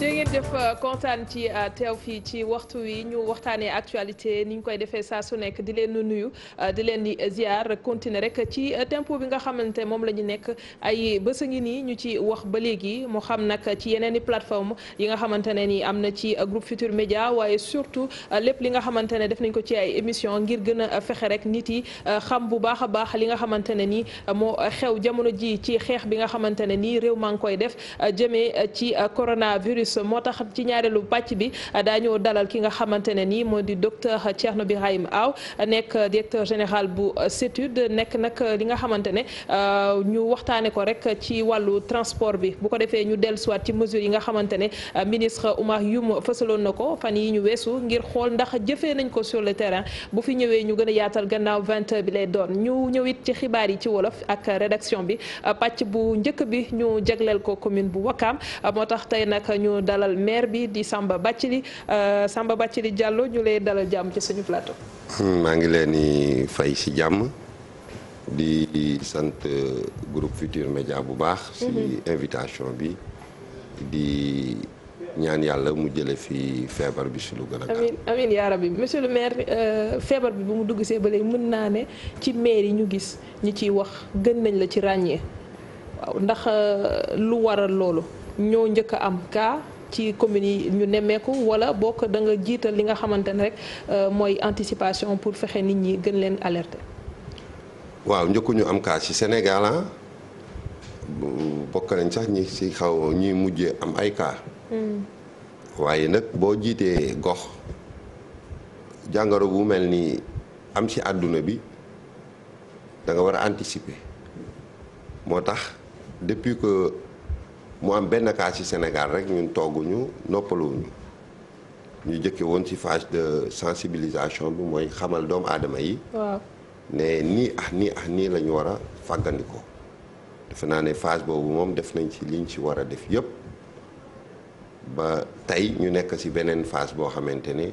ci ngeen def euh, kontaan ci euh, teew fii ci waxtu wi ñu waxtaanee actualité ni ñu koy defee saa su nekk di leen nuyu euh, di leen di ziar continuer rek ci tempo bi nga xamante moom la ñu nekk ay bés a ngi nii ñu ci wax ba léegi mu xam nag ci yeneen i plateforme yi nga xamante ne ni am na ci groupe Futur Média waaye surtout lépp li nga xamante ne def nañ ko ci ay émission ngir gën a fexe rek nit yi xam bu baax a baax li nga xamante ne ni moo xew jamono ji ci xeex bi nga xamante ne nii réew maa ngi koy def jëmee ci coronavirus coronavirus moo tax ci ñaareelu pàcc bi daañu dalal ki nga xamante ne nii moo di docteur Thierno Birahim Aw nekk directeur général bu CETUD nekk nag li nga xamante ne euh, ñu waxtaane ko rek ci wàllu transport bi bu ko defee ñu dellusiwaat ci mesures yi nga xamante ne euh, ministre Oumar Youm fësaloon na ko fan yi ñu weesu ngir xool ndax jëfe nañ ko sur le terrain bu fi ñëwee ñu gën a yaatal gannaaw vingt bi lay doon ñu ñëwit ci xibaar yi ci wolof ak rédaction bi pàcc bu ñu dalal maire bi di Samba Bathily euh, Samba Bathily Diallo ñu lay dalal jàmm ci suñu plateau. Hmm, maa ngi leen di fay si jàmm di sant euh, groupe future Média bu baax. si mhm. invitation bi di. ñaan yàlla mu jële fi feebar bi si lu gën a gaaw amiin amiin yaa rabbi monsieur le maire euh, feebar bi bu mu dugg see ba léegi mën naa ne ci maire yi ñu gis ñi ciy wax gën nañ la ci ràññee waaw ndax lu waral loolu ñoo njëkk a am kaa ci communes yi ñu nemmeeku wala bokk da nga jiital li nga xamante ne rek euh, mooy anticipation pour fexe nit ñi gën leen alerter. waaw njëkkuñu am kaa ci Sénégal ah bokk nañ sax ñi ci xaw ñuy mujjee am ay cas. Hmm. waaye nag boo jiitee gox jàngoro bu mel ni am ci àdduna bi danga war a anticiper moo tax depuis que. mu am benn cas ci Sénégal rek ñun togguñu noppaluwuñu ñu jëkke woon ci phase de sensibilisation bi mooy xamal doom aadama yi ne nii ah nii ah nii la ñu war a fàggandikoo defe naa ne phase boobu moom def nañ ci liñ ci war a def yëpp ba tey ñu nekk ci beneen phase boo xamante ne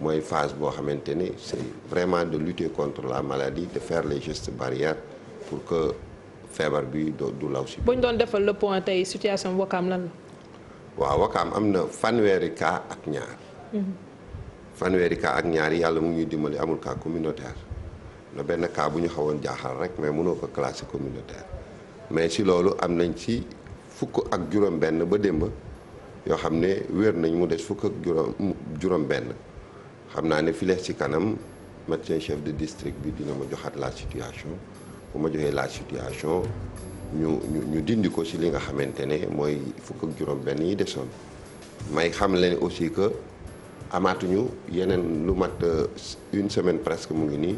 mooy phase boo xamante ne c'est vraiment de lutter contre la maladie de faire les gestes barrières pour que feebar bi du law si. bu ñu doon defal le point tey situation Wakaam lan la. waaw Wakaam am na fanweeri cas ak ñaar. Mhm. fanweeri kaa ak ñaar yàlla mu ngi dimbali amul kaa communautaire na benn kaa bu ñu xawoon jaaxal rek mais mënoo ko classé communautaire mais si loolu am nañ ci fukk ak juróom-benn ba démb yoo xam ne wér nañ mu des fukk ak juróom benn xam naa ne filees ci kanam médecin chef de district bi dina ma joxaat la situation. bu ma joxee la situation ñu ñu dindi ko ci li nga xamante ne mooy fukk ak juróom benn yi desoon may xam ne aussi que amaatuñu yeneen lu mat euh, une semaine presque mu ngi nii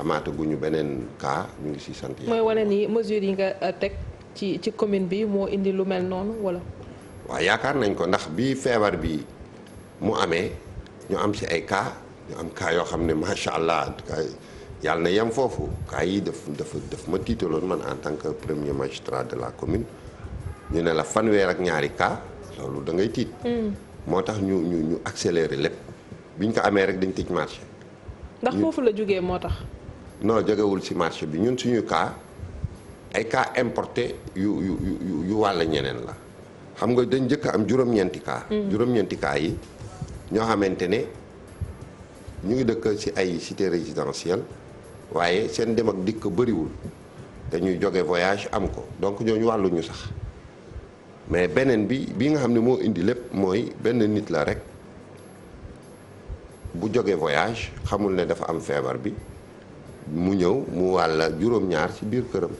amaataguñu beneen cas ñu ngi ci sant yàlla. mooy wane ni mesures yi nga euh, teg ci ci commune bi moo indi lu mel noonu wala waa yaakaar nañ ko ndax bi feebar bi mu amee ñu am ci ay kaa ñu am kaa yoo xam ne macha allah. yàlla na yem foofu cas yi daf dafa daf ma tiitaloon man en tant que premier magistrat de la commune ñu ne la fanweer ak ñaari kaa loolu dangay ngay tiit. Hmm. moo tax ñu ñu ñu accélérer lépp bi ñu ko amee rek dañ tëj marché. ndax foofu la jógee moo tax. noo jógewul ci marché bi ñun suñu kaa ay cas importé yu yu yu wàll ñeneen la xam nga dañ njëkk am juróom-ñeenti cas. Hmm. juróom-ñeenti cas yi ñoo xamante ne ñu ngi dëkk ci ay cité résidentielle waaye seen dem ak dikk bariwul dañuy jóge voyage am ko donc ñooñu wàlluñu sax mais beneen bi bii nga xam ne moo indi lépp mooy benn nit la rek bu jóge voyage xamul ne dafa am feebar bi mu ñëw mu wàlla juróom-ñaar ci biir këram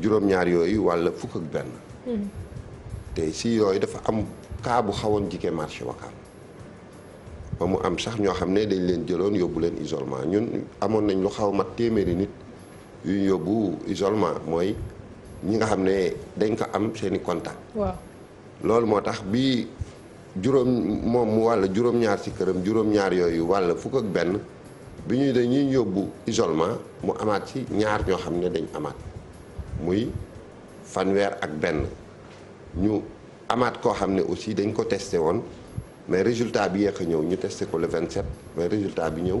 juróom-ñaar yooyu wàlla fukk ak benn hmm. te si yooyu dafa am kaa bu xawoon jike marché Wakaam ba mu am sax ñoo xam ne dañ leen jëloon yóbbu leen isolement ñun amoon nañ lu xaw mat téeméeri nit yu ñu yóbbu isolement mooy ñi nga xam ne dañ ko am seen i contact loolu moo tax bi juróom moom mu wàll juróom-ñaar ci këram juróom-ñaar yooyu wàll fukk ak benn bi ñuy dañuy yóbbu isolement mu amaat ci ñaar ñoo xam ne dañ amaat muy fanweer ak benn ñu amaat koo xam ne aussi dañ ko testé woon mais résultat bi yéex a ñëw ñu testé ko le 27 mais résultat bi ñëw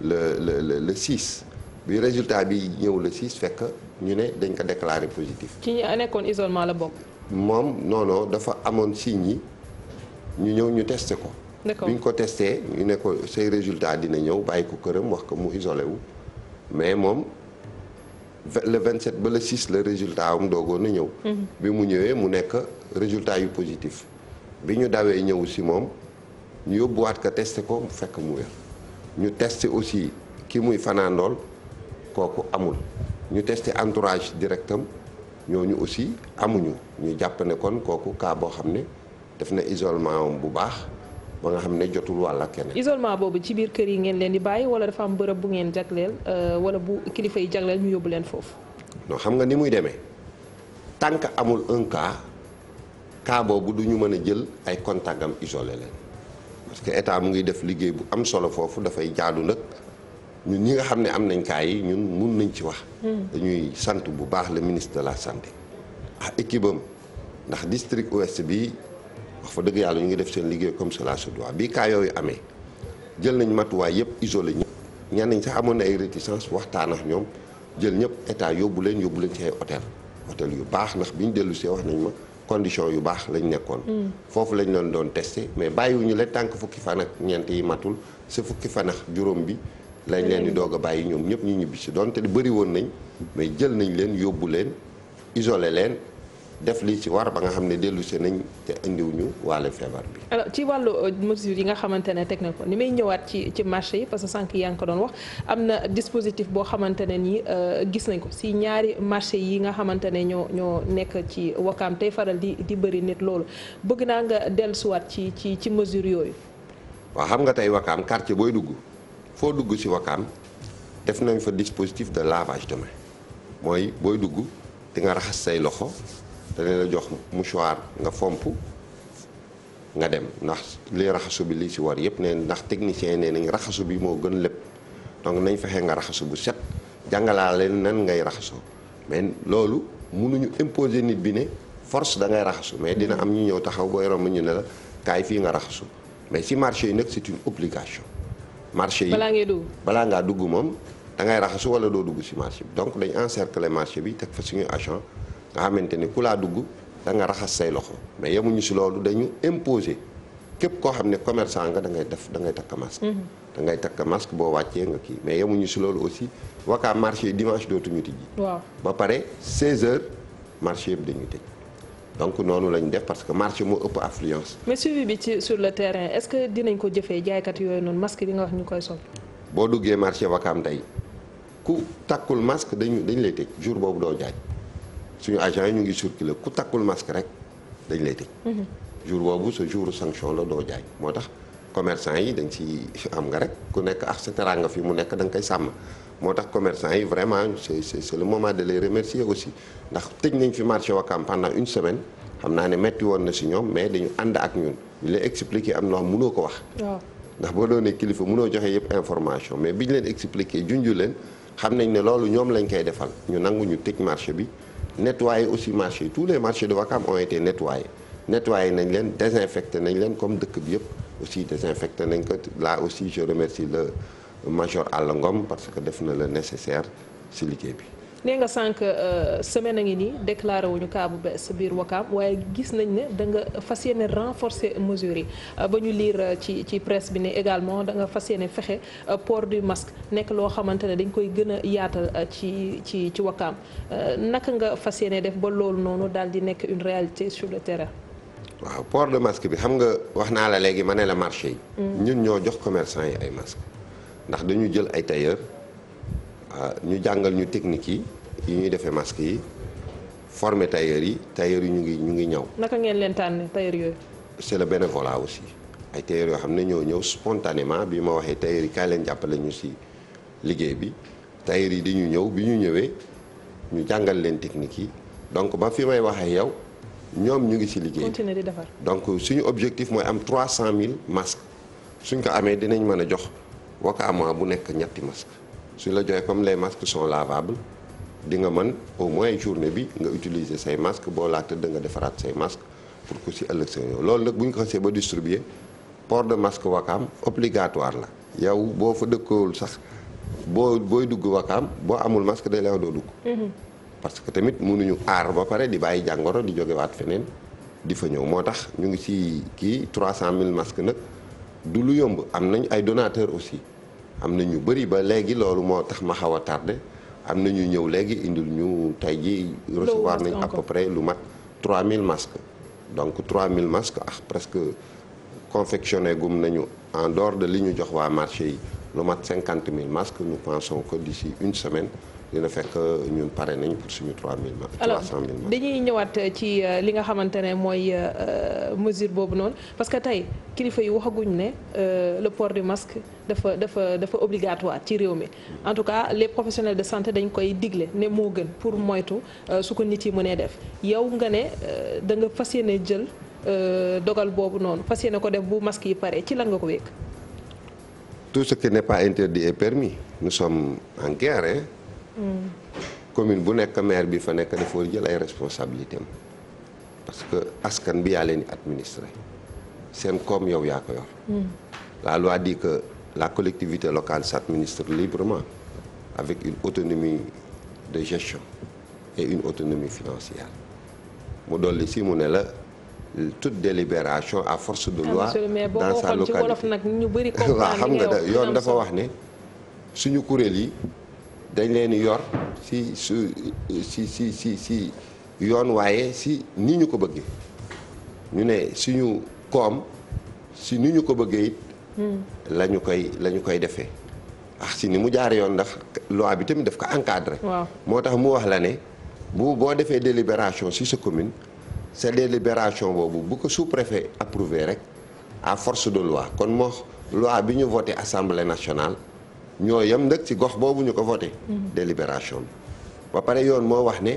le le le le 6 bi résultat bi ñëw la 6 fekk ñu ne dañ ko déclaré positif. ki ñi nekkoon isolement la bokk. moom non dafa amoon signe yi ñu ñëw ñu testé ko. bi ñu ko ñu ne ko say résultat dina ñëw bàyyi ko këram wax ko mu isolé wu mais moom. le 27 ba le 6 le résultat am doogoon na ñëw. Mhm. bi mu ñëwee mu nekk résultat yu positif. bi ñu dawee ñëw si moom ñu yóbbuwaat ko testé ko fekk mu wér ñu testé aussi ki muy fanaandool kooku amul ñu testé entourage directam ñooñu aussi amuñu ñu jàpp ne kon kooku kaa boo xam ne def na isolement am bu baax ba nga xam ne jotul walla ak keneen. isolement boobu ci biir kër yi ngeen leen di bàyyi wala dafa am bërëb bu ngeen jagleel euh, wala bu kilifa yi jagleel ñu yóbbu leen foofu. non xam nga ni muy demee tant que amul un cas. cas boobu du ñu mën a jël ay contact am isolé leen parce que état mu ngi def liggéey bu am solo foofu dafay jaadu nag ñun ñi nga xam ne am nañ kaay yi ñun mun nañ ci wax. Hmm. dañuy sant bu baax la ministre de la santé. ah équipe am ndax district ouest bi wax fa dëgg yàlla ñu ngi def seen liggéey comme cela se doit bi cas yooyu amee jël nañ matuwaay yëpp isole ñëpp. ñenn ñi sax amoon na ay réticence waxtaan ak ñoom jël ñëpp état yóbbu leen yóbbu leen ci ay hôtel hôtel yu baax ndax bi ñu dellu see wax nañ ma. condition yu baax lañ nekkoon. Mm. foofu lañ doon doon testé mais bàyyiwuñu la tànk fukki fan ñeent yi matul sa fukki fanax juróom bi. lañ leen di doog a bàyyi ñoom ñëpp ñu ñibbi si doonte di bëri woon nañ mais jël nañ leen yóbbu leen isole leen. def li ci war ba nga xam ne dellu nañ te indiwuñu waale feebar bi. ci wàllu euh, mesures yi nga xamante ne teg na ko ni may ñëwaat ci ci marché yi parce que sànq yaa ngi ko doon wax am na dispositif boo xamante ne nii euh, gis nañ ko si ñaari marché yi nga xamante ne ñoo ñoo nekk ci wakaam tey faral di di bëri nit loolu bëgg naa nga dellusiwaat ci ci ci mesures yooyu. waa xam nga tey wakaam quartier booy dugg foo dugg si wakaam def nañ fa dispositif de lavage de main mooy booy dugg di nga raxas say loxo. da leen a jox mouchoir nga fomp nga dem ndax li raxasu bi li si war yëpp neen ndax technicien nee nañu raxasu bi moo gën lépp donc nañ fexe nga raxasu bu set jàngalaa leen nan ngay raxasoo mais loolu munuñu imposer nit bi ne force da ngay raxasu mais dina am ñu ñëw taxaw booy romb ñu ne la kaay fii nga raxasu mais si marché yi nag c'est une obligation marché yi balaa ngay dugg balaa ngaa dugg moom da ngay raxasu wala doo dugg si marché bi donc dañ encercler marché bi teg fa suñu agent nga xamante ni ku laa dugg da nga raxas say loxo mais yemuñu si loolu dañu imposer képp koo xam ne commerçant nga da ngay def da ngay takk masque. Mhm. da ngay takk masque boo wàccee nga kii mais yemuñu si loolu aussi wakaam marché yi dimanche dootuñu waaw ba pare 16h marché yëpp dañuy tëj. noonu lañu def parce que marché moo ëpp affluence. mais suivi le terrain est-ce dinañ ko jëfee jaaykat yooyu noonu masque bi nga wax ñu koy sol. boo duggee marché wakaam tey ku takkul masque dañu dañu lay tëj jour boobu doo jaay. suñu agent yi ñu ngi surculer ku takkul masque rek dañ lay tëj. Mhm. jour boobu sa jour sanction la doo jaay moo tax commerçant yi dañ ci am nga rek ku nekk ak sa teraanga fi mu nekk da koy sàmm moo tax commerçant yi vraiment c'est le moment de les remercier aussi ndax tëj nañ fi marché Ouakam pendant une semaine xam naa ne metti woon na si ñoom mais dañu ànd ak ñun ñu lay expliquer am na wax mënoo ko wax. ndax boo doonee kilifa munoo joxe yëpp information mais biñ leen expliquer junju leen xam nañ ne loolu ñoom lañ koy defal ñu nangu ñu tëj bi. nettoyer aussi marché tous les marchés de Ouakam ont été nettoyés nettoyé nañ leen désinfecté nañ leen comme dëkk bi yëpp aussi désinfecté nañ ko là aussi je remercie le major Alla Ngom parce que def na le nécessaire ci liggéey bi nee nga sànq euh, semaine a ngi nii déclaré wuñu cas bu bees biir Wakaam waaye gis nañ ne da nga fas yéene renforcer mesures yi euh, ba ñu liir euh, ci ci presse bi ne également da nga fas yéene fexe port du masque nekk loo xamante ne dañ koy gën a yaatal ci ci ci Wakaam naka nga fas yéene def ba loolu noonu daal di nekk une réalité sur le terrain. waaw port de masque bi xam nga wax naa la léegi ma ne la marché yi. Mm. ñun ñoo jox commercant yi ay masques ndax dañu jël ay tailleur Ah, ñu jàngal ñu technique yi yi ñuy defee masque yi former tailleur yi tailleur yi ñu ngi ñu ngi ñaw. naka ngeen leen tànn tailleur yooyu. aussi ay yoo xam ne ñoo ñëw spontanément bi ma waxee tailleur yi kaay leen jàppale ñu ci liggéey bi tailleur yi ñu ñëw bi ñu ñëwee ñu jàngal leen technique yi donc ba fi may waxee yow ñoom ñu ngi ci liggéey. continuer donc suñu objectif mooy am trois 300000 masques suñ ko amee dinañ mën a jox wakaamaa bu nekk ñetti masques. suñ la joxee comme les masques sont lavables di nga mën au moins journée bi nga utiliser say masque boo laata da nga defaraat say masque pour que si ëllëg sa ñëw loolu nag bu ñu ko xasee ba distribuer port de masque wakaam obligatoire la yow boo fa dëkkowul sax boo booy dugg wakaam boo amul masque day leew doo dugg mhm. parce que tamit mënuñu aar ba pare di bàyyi jàngoro di jógewaat feneen di fa ñëw moo tax ñu ngi ci kii trois cent 300000 masques nag du lu yomb am nañ ay donateurs aussi am na ñu bëri ba léegi loolu moo tax ma xaw a tardé am na ñu ñëw léegi indil ñu tey ji recevoir nañ à peu près lu mat 3000 masques donc 3000 masques ah presque confectionné gum nañu en dehors de li ñu jox waa marché yi lu mat 50 000 masques nous pensons que d'ici une semaine dina fekk euh, ñun pare nañ pour suñu 3000 alors dañuy ñëwaat euh, ci euh, li nga xamante ne mooy mesure boobu noonu parce que tey kilifa yi waxaguñ ne le port du masque dafa dafa dafa obligatoire ci réew mi en tout cas les professionnels de santé dañ koy digle ne moo gën pour moytu su ko nit yi mënee def yow nga ne da nga fas yéene jël dogal boobu noonu fas yéene ko def bu masque yi pare ci lan nga ko wékk tout ce qui n'est pas interdit est permis nous sommes en guerre hein commune bu nekk maire bi fa nekk dafa jël ay responsabilité parce que askan bi yaa leen di administré seen koom yow yaa ko yor. la loi dit que la collectivité locale s'administre librement avec une autonomie de gestion et une autonomie financière mu dolli si mu ne la toute délibération à force de loi ah, dans sa localité waaw xam nga da yoon dafa wax ne suñu kuréel yi dañ leen yor si su si si si si yoon waaye si ni ñu ko bëggee ñu ne suñu koom si ni ñu ko bëggee it. Hmm. la koy lañu koy defee. ah si ni mu jaar yoon ndax loi bi tamit daf ko encadré. moo tax mu wax la ne bu boo defee délibération si sa commune sa délibération boobu bu ko sous-préfet approuvé rek à force de loi kon moo loi bi ñu voté assemblée nationale. ñoo yem nag ci gox boobu ñu ko voté. Mhm. délibération bi ba pare yoon moo wax ne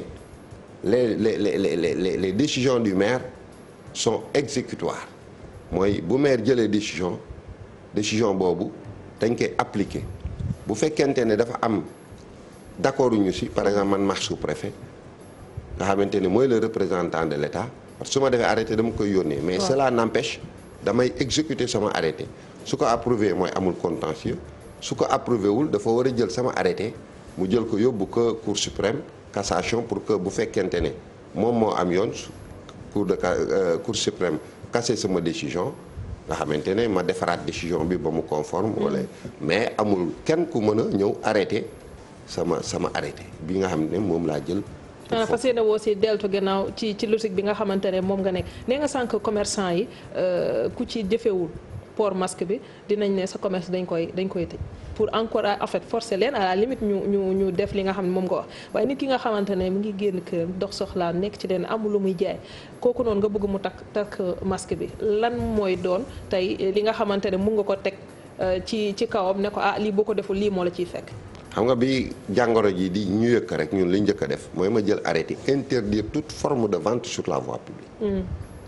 les les les les les décisions du maire sont exécutoires mooy bu maire jëlee décision décision boobu dañ koy appliquer bu fekkente ne dafa am d'accord ñu ci par exemple man max sous-préfet nga xamante ne mooy le représentant de l'État parce que su ma defee arrêté dama koy yónnee. mais cela n'empêche damay executer sama arrêté su ko approuvé mooy amul contentieux. su ko approuvé wul dafa war a jël sama arrêté mu jël ko yóbbu ko cour suprême cassation pour que bu fekkente ne moom moo am yoon cour de euh, cour suprême cassé sama décision nga xamante ne ma defaraat décision bi ba mu conforme wala mm. mais amul kenn ku mën a ñëw arrêté sama sama arrêté bi nga xam ne moom laa jël ah fas yéene woo si deltu gannaaw ci ci logique bi nga xamante ne moom nga nekk nee nga sànq commerçant yi euh, ku ci jëfewul port masque bi dinañ ne sa commerce dañ koy dañ koy tëj pour encore en fait forcer leen à la ñu ñu ñu def li nga xam ne moom nga wax waaye nit ki nga xamante ne mu ngi génn këram dox soxlaa nekk ci leen amul lu muy jaay kooku noonu nga bëgg mu takk takk masque bi lan mooy doon tey li nga xamante ne mun nga ko teg euh, ci ci kawam ne ko ah lii boo ko deful lii moo la ciy fekk. xam nga bi jàngoro ji di ñu yëkk rek ñun li ñu njëkk def mooy ma jël arrêté interdire toute forme de vente sur la voie publique. Mm.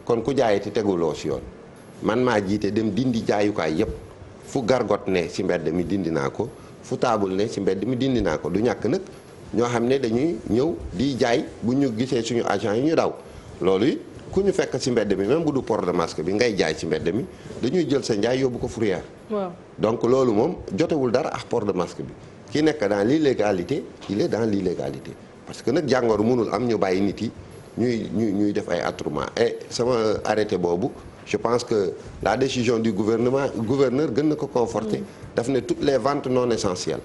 kon ku jaayati teguloo si yoon. man maa jiite dem dindi jaayukaay yëpp fu gargot ne ci mbedd mi dindi naa ko fu taabul ne ci mbedd mi dindi naa ko du ñàkk nag ñoo xam ne dañuy ñëw di jaay bu ñu gisee suñu agent yi ñu daw loolu it ku ñu fekk ci mbedd mi même bu du port de masque bi ngay jaay ci mbedd mi dañuy jël sa njaay yóbbu ko fourrière donc loolu moom jotewul dara ak port de masque bi ki nekk dans l'illégalité il est dans l'illégalité parce que nag jàngoro mënul am ñu bàyyi nit yi ñuy ñuy ñuy def ay attroupement sama arrêté boobu je pense que la décision du gouvernement gouverneur gën na ko conforter daf ne toutes les ventes non essentielles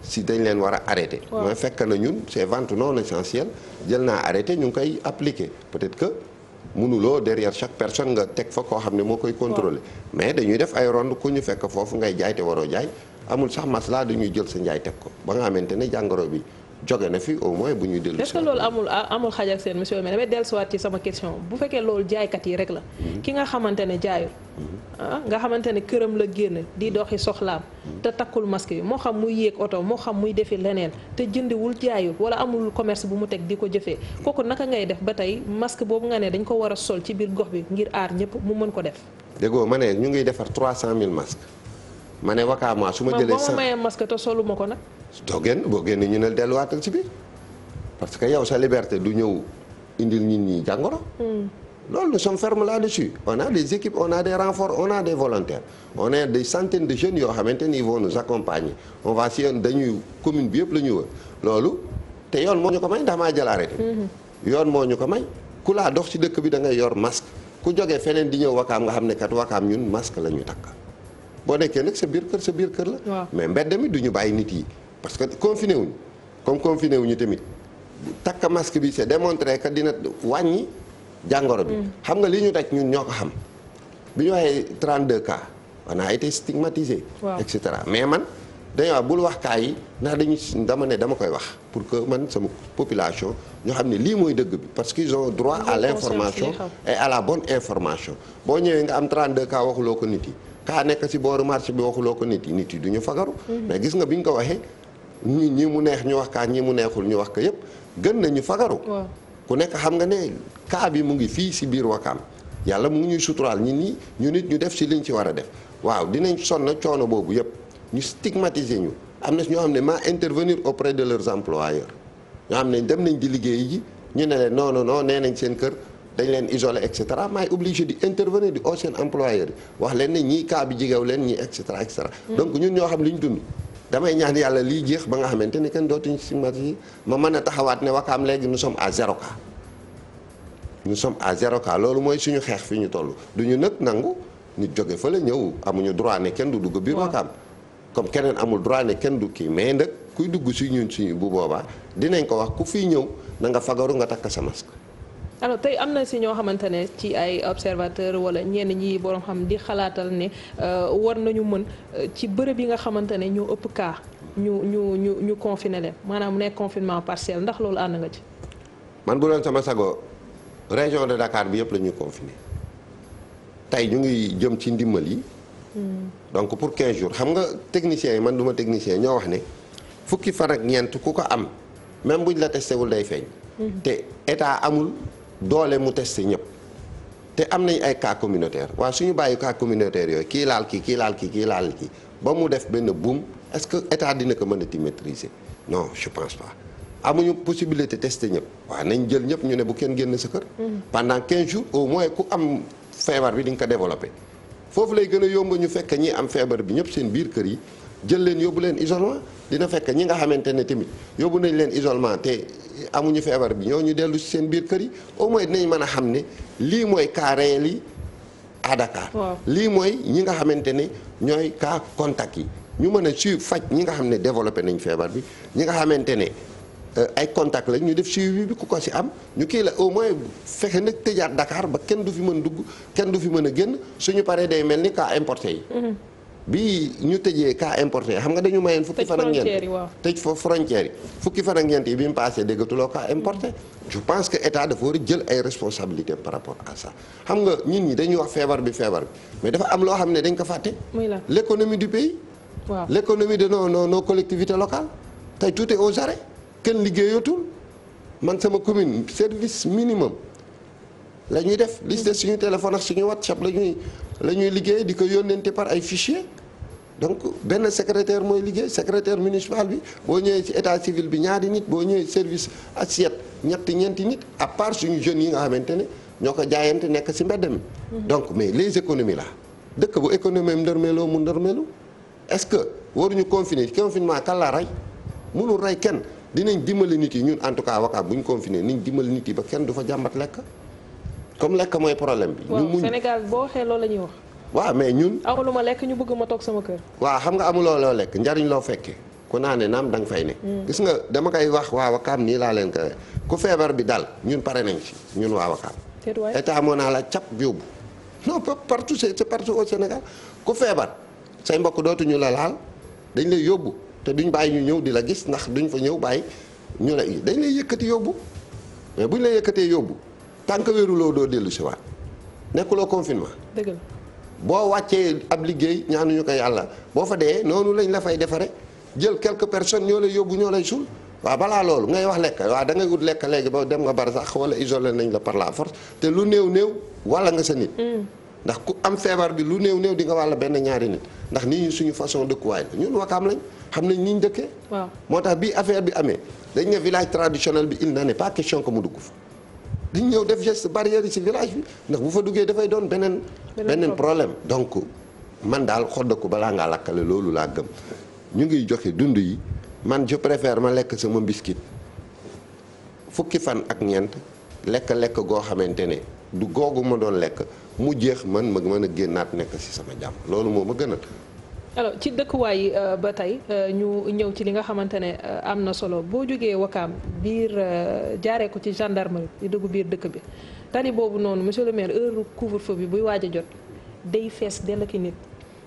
si dañ leen war a arrêté mooy fekk na ñun ces ventes non essentielles jël naa arrêté ñu ngi koy appliqué peut-être que mënuloo derrière chaque personne nga teg fa koo xam ne moo koy contrôler mais dañuy def ay ronde ku ñu fekk foofu ngay jaay te waroo jaay amul sax maslaa dañuy jël sa njaay teg ko ba nga xamante ne jàngoro bi joge na fi au moins bu ñuy dellu. est-ce loolu amul amul xaj ak seen monsieur mais damay dellusiwaat ci sama question bu fekkee loolu jaaykat yi rek la. Mhm. ki nga xamante ne jaayul. Mhm. Ah, nga xamante ne këram la génn di mhm. doxi soxlaam. te takkul masque yi moo xam muy yéeg oto moo xam muy defi leneen te jëndiwul jaayul wala amul commerce bu mu teg di ko jëfee kooku naka ngay def ba tey masque boobu nga ne dañ ko war a sol ci biir gox bi ngir aar ñëpp mu mën ko def. déggoo ma ne ñu ngi defar 300000 masques. ma ne wakaamaa su ma jëlee. 100 ma masque te soluma ko nag. doo génn boo génn ñu ne delluwaat si ci biir parce que yow sa liberté du ñëw indil nit ñi jàngoro. Hmm. loolu nous sommes fermes là-dessus on a des équipes on a des renforts on a des volontaires on a des centaines de jeunes yoo xamante ni ils vont nous accompagner on va si dañuy commune bi yëpp la ñu wër loolu te yoon moo ñu ko may ndax maa jël arrêté. Hmm. yoon moo ñu ko may ku laa dox si dëkk bi da ngay yor masque ku joge feneen di ñëw wakaam nga xam ne kat wakaam ñun masque la ñu takk boo nekkee nag sa biir biir kër la. mais mbedd mi du ñu bàyyi nit yi. parce que confiné wuñu comme confiné wuñu tamit takk masque bi c'est démontré que dina wàññi jàngoro bi. Mm. xam nga li ñu rek ñun ñoo ko xam bu ñu waxee 32 cas on naa été stigmatisé. waaw et cetera mais man dañoo wax bul wax kaa yi naa dañu dama ne dama koy wax pour que man sama population ñoo xam ne lii mooy dëgg bi parce qu'ils ont droit à l'information et à la information boo ñëwee nga am de cas waxuloo ko nit yi cas nekk ci booru marché bi waxuloo ko nit yi nit y du ñu fagaru. Mm-hmm. mais gis nga bi ñu ko waxee. ñi ñi mu neex ñu wax kaa ñi mu neexul ñu wax ko yëpp gën nañu fagaru ku nekk xam nga ne kaa yi mu ngi fii si biir Wakaam yàlla mu ngi ñuy suturaal ñi ñu nit ñu def si liñ ci war a def waaw dinañ sonn coono boobu yëpp ñu stigmatiser ñu am na ñoo xam ne maa intervenir auprès de leurs employeurs ñoo xam ne dem nañ di liggéey ji ñu ne leen noonu non non nee nañ seen kër dañ leen isolé et cetera maay obligé di intervenir di oo seen yi wax leen ne ñii kaa bi jigew leen ñii et cetera et cetera mm. donc ñun ñoo xam li ñu dund damay ni yàlla lii jeex ba nga xamante ni kenn dootuñu stigmatisé ma mën a taxawaat ne wakaam léegi nous sommes à zéro cas nous à zéro loolu mooy suñu xeex fi ñu toll du ñu nag nangu nit jóge fële ñëw amuñu droit ne kenn du dugg biir wakaam comme keneen amul droit ne kenn du kii mais nag kuy dugg si ñun suñu bu boobaa dinañ ko wax ku fii ñëw na nga fagaru nga takk sa masque alors tey am na si ñoo xamante ne ci ay observateur wala ñenn ñi borom xam di xalaatal ne euh, war nañu mën euh, ci bërëb yi nga xamante ne ñoo ëpp cas ñu ñu ñu ñu confiné leen maanaam nekk confinement partiel ndax loolu ànd nga ci. man bu doon sama sago région de Dakar bi yëpp la ñuy confiné tey ñu ngi jëm ci ndimbal yi. Hmm. donc pour 15 jours xam nga techniciens yi man du ma technicien ñoo wax ne fukki fan ak ñeent ku ko am même buñ la testé wul day feeñ. Hmm. te état amul. doole mu testé ñëpp te am nañ ay cas communautaire waa suñu bàyyi cas communautaire yooyu kii laal kii kii laal ki kii laal kii ba mu def benn buum est-ce que état dina ko mën a ti maîtriser non je pense pas amuñu possibilité teste ñëpp waaw nañ jël ñëpp ñu ne bu kenn génn sa kër. Mm-hmm. pendant 15 jours au moins ku am feebar bi di nga ko développé foofu lay gën a yomb ñu fekk ñi am feebar bi ñëpp seen biir kër yi jël leen yóbbu leen isolement. dina fekk ñi nga xamante ne tamit yóbbu nañ leen isolement te amuñu feebar bi ñoo ñu dellu si seen biir kër yi au moins dinañ mën a xam ne lii mooy cas réel yi mooy ñi nga xamante ne ñooy cas contact yi ñu mën a suivre faj ñi nga xam ne développé nañu feebar bi ñi nga xamante ne. Euh, ay contact lañ ñu def suivi bi ku ko si am ñu kii la au moins fexe nag tëjaat Dakar ba kenn du fi mën dugg kenn du fi mën a génn suñu paree day mel ni cas importé yi mm-hmm. bi ñu tëjee cas importé xam nga dañu mayeen fukki fan ak ñeent tëj fa frontière yi fukki fan ak ñeent yi bi mu passé déggatuloo cas importé je pense que état dafa war jël ay responsabilités par rapport à xam nga nit ñi dañuy wax feebar bi feebar bi mais dafa am loo xam ne dañ ko fàtte l' économie du pays waaw. l' économie de nos nos nos collectivités locales tey tout est aux arrêts kenn liggéeyatul man sama commune service minimum la ñuy def liste suñu téléphone ak suñu WhatsApp la ñuy la ñuy liggéey di ko yónnente par ay fichier donc benn secrétaire mooy liggéey secrétaire municipal bi boo ñëwee ci état civil bi ñaari nit boo ñëwee service assiette ñetti ñeenti nit à part suñu jeunes yi nga xamante ne ñoo ko jaayante nekk ci mbedd mi mhm. donc mais les économies la dëkk bu économie am ndërmeeloo mu ndërmeelu est-ce que waruñu confiner confinement kan la rey mënul rey kenn dinañ dimbali nit yi ñun en tout cas wakaam bu ñu confiner niñ dimbali nit yi kenn du fa jàmbat lekk comme lekk mooy problème bi. ñu muñ Sénégal boo waxee loolu la ñuy wax. waaw mais ñun. amuloo ma lekk ñu bëgg ma toog sama kër. waaw xam nga amuloo loo lekk njariñ loo fekkee ku naane naam da fay ne. Mm. gis nga dama koy wax waa Wakaam nii laa leen ko feebar bi daal ñun pare nañ ñun waa Wakaam. état moo naa la cap yóbbu. non partout c'est partout au Sénégal ku feebar dootuñu la laal dañ lay yóbbu te duñ bàyyi ñu ñëw di la gis ndax duñ fa ñëw bàyyi ñu la dañ lay yëkkati yóbbu mais buñ la yëkkatee yóbbu. tant que wéruloo doo dellu si nekkuloo confinement. boo wàccee ab liggéey ñu ko yàlla boo fa dee noonu lañ la fay defaree jël quelques personnes ñoo lay yóbbu ñoo lay suul waa balaa loolu ngay wax lekk waa da ngay ut lekk léegi ba dem nga bar sax wala isolé nañ la par la force te lu néew néew wala nga sa nit. Mm. ndax ku am feebar bi lu néew néew di nga wàll benn ñaari nit ndax nit ñi suñu façon dëkkuwaay la ñun wakaam lañ xam nañ ni ñu dëkkee. waaw moo tax bi affaire bi amee dañ ne bi il n'en est pas question que mu dugg fa. di ñëw def geste barrière yi ci village bi ndax bu fa duggee dafay doon beneen beneen problème donc man daal ko balaa ngaa lakkale loolu laa gëm ñu ngi joxe dund yi man je préfère ma lekk sama mbiskit fukki fan ak ñeent lekk-lekk goo xamante ne du googu ma doon lekk mu jeex man ma mën a génnaat nekk ci sama jàmm loolu moo ma gënal alors ci dëkkuwaay yi euh, ba tey euh, ñu ñëw ci li nga xamante ne euh, am na solo boo jógee wakaam biir jaaree ko ci gendarmerie di dugg biir dëkk bi tali boobu noonu monsieur le maire heure couvre-feu bi buy waaj jot day fees dell ki nit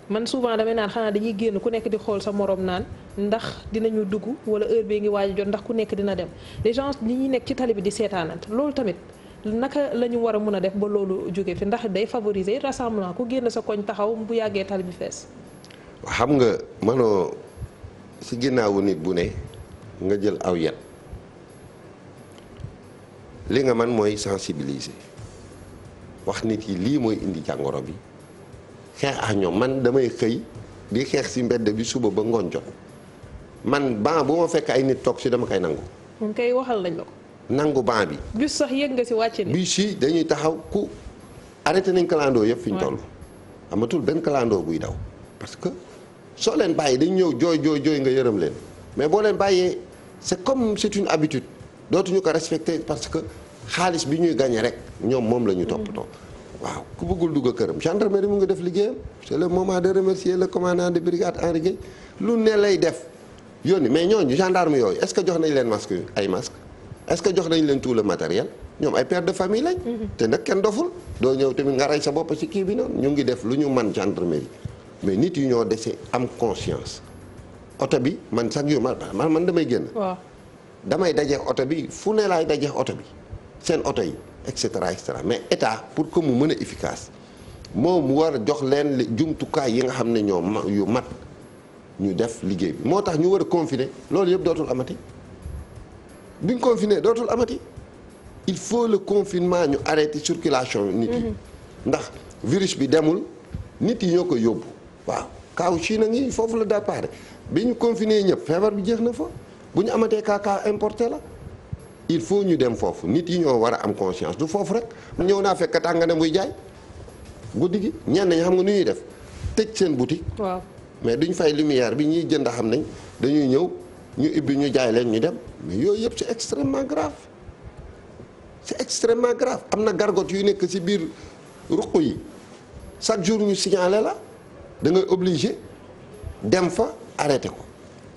man souvent damay naan xanaa dañuy génn ku nekk di xool sa morom naan ndax dinañu dugg wala heure bii ngi waaj a jot ndax ku nekk dina dem les gens ñi nekk ci tali bi di seetaanante loolu tamit naka la ñu war a mën a def ba loolu jóge fi ndax day favoriser rassemblement ku génn sa koñ taxaw bu yàggee tali bi fees. xam nga manoo si ginnaawu nit bu ne nga jël aw yat li nga man mooy sensibiliser wax nit yi lii mooy indi jàngoro bi xeex ak ñoom man damay xëy di xeex si mbedd bi suba ba ngoon jot man ban bu ma fekk ay nit toog si dama kay nangu. moom nañ la nangu ban bi. bus sax yëg nga si wàcc ni bus yi dañuy taxaw ku arrêté nañ kalandoo yëpp. fiñ ñu amatul benn kalandoo buy daw soo leen bàyyi dañu ñëw jooy jooy jooy nga yërëm leen mais boo leen bàyyee c'est comme c'est une habitude dootuñu ko respecter parce que xaalis bi ñuy gagner rek ñoom moom lañu ñu toppatoo. waaw ku bëggul dugg këram gendarmerie mu ngi def liggéeyam c'est le moment de remercier le commandant de brigade Henri lu ne lay def yónni mais ñooñu gendarme yooyu est-ce que jox nañ leen masque ay masque est-ce que jox nañ leen tout le matériel ñoom ay père de famille mm-hmm. te nag kenn doful doo ñëw tamit nga rey sa bopp ci kii bi noonu ñu ngi def lu ñu man gendarmerie. mais nit yu ñoo dese am conscience oto bi man sax yu ma man man damay génn. damay dajeex oto bi fu ne laay dajeex oto bi seen oto yi et cetera et cetera mais état pour que mu mën a efficace moom mu war a jox leen jumtukaay yi nga xam ne ñoo yu mat ñu def liggéey bi moo tax ñu war a confiner loolu yëpp dootul amati buñ confiner dootul amati il faut le confinement ñu arrêter circulation nit yi mm-hmm. ndax virus bi demul nit yi ñoo ko yóbbu waaw kaaw Chine a ngi foofu la départ bi ñu confiné ñëpp feebar bi jeex na fa bu ñu amatee kaakaa importé la il faut ñu dem foofu nit yi ñoo war a am conscience du foofu rek ñëw naa fekk tàng ne muy jaay guddi gi ñenn ñi xam nga nu ñuy def tëj seen boutique. waaw mais duñ fay lumière bi ñuy jënd xam nañ dañuy ñëw ñu ibbi ñu jaay leen ñu dem mais yooyu yëpp c'est extrêmement grave si extrêmement grave am na gargote yu nekk ci biir ruq yi chaque jour ñu signalé la. da ngay obligé dem fa arrêté ko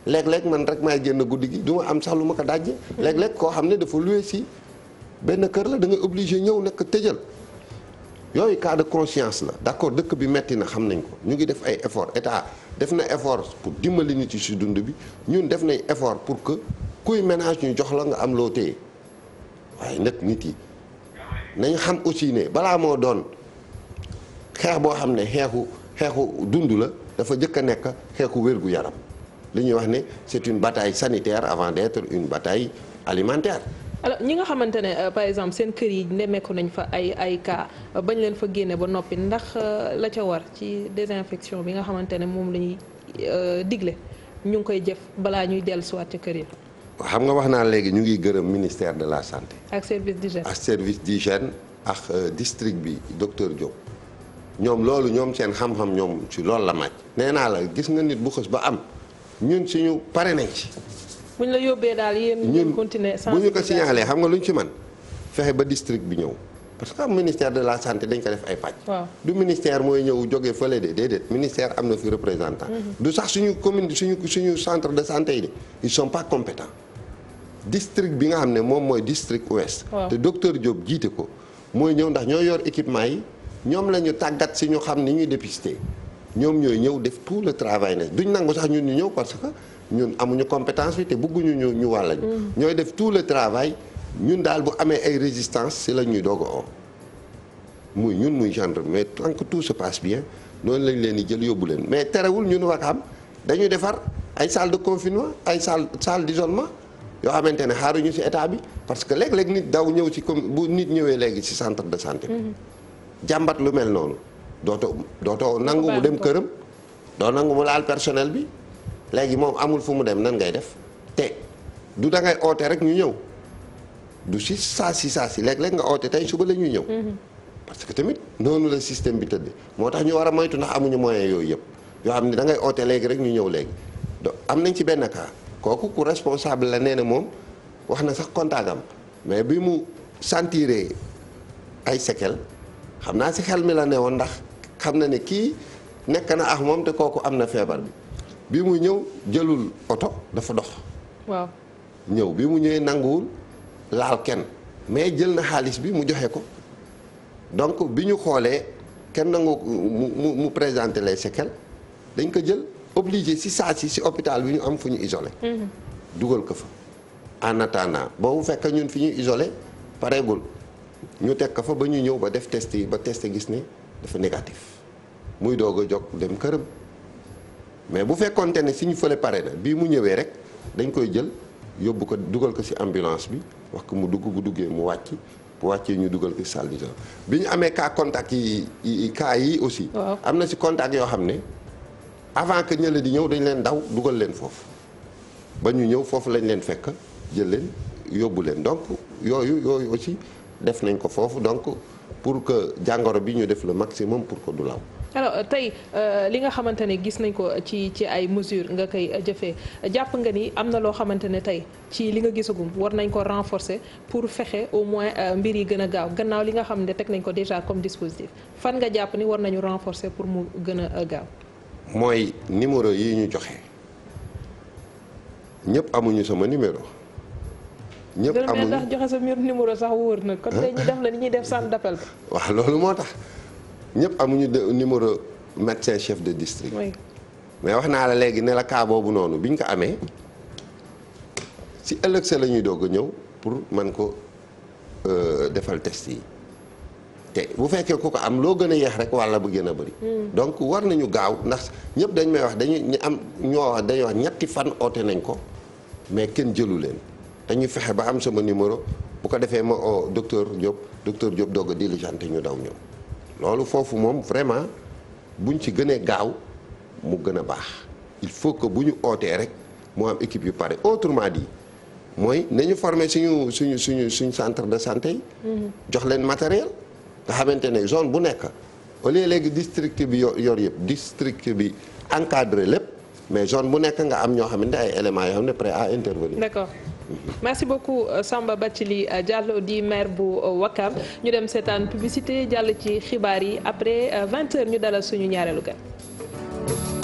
léeg-léeg man rek maay génn guddi gi du ma am sax lu ma ko dajje léeg-léeg koo xam ne dafa loué si benn kër la da ngay obligé ñëw nekk tëjal yooyu cas conscience la d'accord dëkk bi metti na xam nañ ko ñu ngi def ay effort état def na effort pour dimbali nit yi si dund bi ñun def nay effort pour que kuy ménage ñu jox la nga am loo téye waaye nag nit yi nañ xam aussi ne balaa moo doon xeex boo xam ne xeexu xeexu dund la dafa jëkk a nekk xeexu wérgu yaram li ñuy wax ne c'est une bataille sanitaire avant d'être une bataille alimentaire alors ñi nga xamante ne euh, par exemple seen kër yi nemmeeku nañ fa ay ay cas euh, bañ leen fa génne ba noppi ndax euh, la ca war ci désinfection bi nga xamante ne moom la ñuy digle ñu ngi koy jëf balaa ñuy dellu soit ca kër yi xam nga wax naa léegi ñu ngi gërëm ministère de la santé ak service d'hygiène ak service d'hygiène ak district bi docteur Diop ñoom loolu ñoom seen xam-xam ñoom ci loolu la màcc nee naa la gis nga nit bu xës ba am ñun suñu pare nañ ci. bu ñu la daal yéen ngeen continuer bu ñu ko signalé xam nga lu ñu ci man fexe ba district bi ñëw parce que am ministère de la santé dañ ko def ay pàcc. du ministère mooy ñëw jóge fële de déedéet ministère am na fi représentant. Mhm. du sax suñu commune suñu suñu centre de santé yi de ils sont pas compétents. district bi nga xam ne moom mooy district ouest. te docteur Diop jiite ko mooy ñëw ndax ñoo yor équipement yi. ñoom la ñu tàggat si ñu xam ni ñuy dépister ñoom ñooy ñëw def tout le travail ne duñ nangu sax ñun ñu ñëw parce que ñun amuñu compétence bi te bëgguñu ñu ñu wàllañ mm. ñooy def tout le travail ñun daal bu amee ay résistance si la ñuy doog muy ñun muy gendre mais tant que tout se passe bien noonu lañ leen di jël yóbbu leen mais terewul ñun Wakaam dañuy defar ay sal de confinement ay salle salle d'isolement yoo xamante ne xaaruñu ci état bi parce que léeg-léeg nit daw ñëw ci comme bu nit ñëwee léegi ci centre de santé jàmbat lu mel noonu dooto dooto nangu mu dem këram doo nangu mu laal personnel bi léegi moom amul fu mu dem nan ngay def te du da ngay oote rek ñu ñëw du si saa si saa si léeg-léeg nga oote tey suba la ñuy ñëw mm-hmm. parce que tamit noonu la système bi tëdd moo tax ñu war a moytu ndax amuñu moyen yooyu yëpp yoo xam ne dangay ngay oote léegi rek ñu ñëw léegi do am nañ ci benn cas kooku ku responsable la nee na moom wax na sax contact am mais bi mu sentiree ay séquelles xam naa si xel mi la ne woon ndax xam na ne kii nekk na ak moom te kooku am na feebar bi bi mu ñëw jëlul oto dafa dox. waaw ñëw bi mu ñëwee nanguwul laal kenn mais jël na xaalis bi mu joxe ko donc bi ñu xoolee kenn nangu mu mu mu présenté les séquelles dañ ko jël obligé si saa si si hôpital bi ñu am fu ñu isole mhm. dugal ko fa en attendant boobu fekk ñun fi ñu isolé pareegul. ñu teg ko fa ba ñu ñëw ba def test yi ba testé gis ne dafa négatif muy doog a jóg dem këram mais bu fekkonte ne si ñu fële pare na bii mu ñëwee rek dañ koy jël yóbbu ko dugal ko si ambulance bi wax ko mu dugg bu duggee mu wàcc bu wàccee ñu dugal ko si salle d'urgence bi ñu amee cas contact yi cas yi aussi. am na si contact yoo xam ne avant que ñële di ñëw dañ leen daw dugal leen foofu ba ñu ñëw foofu lañ leen fekk jël leen yóbbu leen donc yooyu yooyu def nañ ko foofu donc pour que jàngoro bi ñu def le maximum pour ko du law. alors euh, tey euh, li nga xamante ne gis nañ ko ci ci ay mesures nga koy euh, jëfee jàpp nga ni am na loo xamante ne tey ci li nga gisagum war nañ ko renforcer pour fexe au moins mbir yi gën a gaaw gannaaw li nga xam ne teg nañ ko déjà comme dispositif fan nga jàpp ni war nañu renforcer pour mu gën a gaaw. mooy numéro yi ñu joxe ñëpp amuñu sama numéro. ñëpp amuñu joxe sa numéro sax na. kon tey ñu def la ñuy def centre d'appel ba. waaw loolu moo tax ñëpp amuñu de numéro médecin chef de district. mais wax naa la léegi ne la cas boobu noonu bi ñu ko amee si ëllëg sa la ñuy doog a ñëw pour man ko euh, defal test yi te bu fekkee ko ko am loo gën a yeex rek walla bu gën a bëri. Hmm. donc war nañu gaaw ndax ñëpp dañ may wax dañuy ñu am ñoo wax dañuy wax ñetti fan oote nañ ko mais kenn jëlu leen. dañuy fexe ba am sama numéro bu ko defee ma oo docteur Diop docteur Diop doog a diligenté ñu daw ñëw loolu foofu moom vraiment buñ ci gënee gaaw mu gën a baax il faut que bu ñu ootee rek moo am équipe yu pare autrement dit mooy nañu former suñu suñu suñu suñu centre de santé yi mm-hmm. jox leen matériel nga xamante ne zone bu nekk au léegi district bi yor yëpp district bi encadré lépp mais zone bu nekk nga am ñoo xamante ay éléments yoo xam ne prêt à intervenir d'accord merci beaucoup euh, Samba Bathily euh, Diallo di maire bu euh, Wakam ñu dem seetaan publicité jàll ci xibaar yi après 20 ñu dalal suñu ñaareelu gan.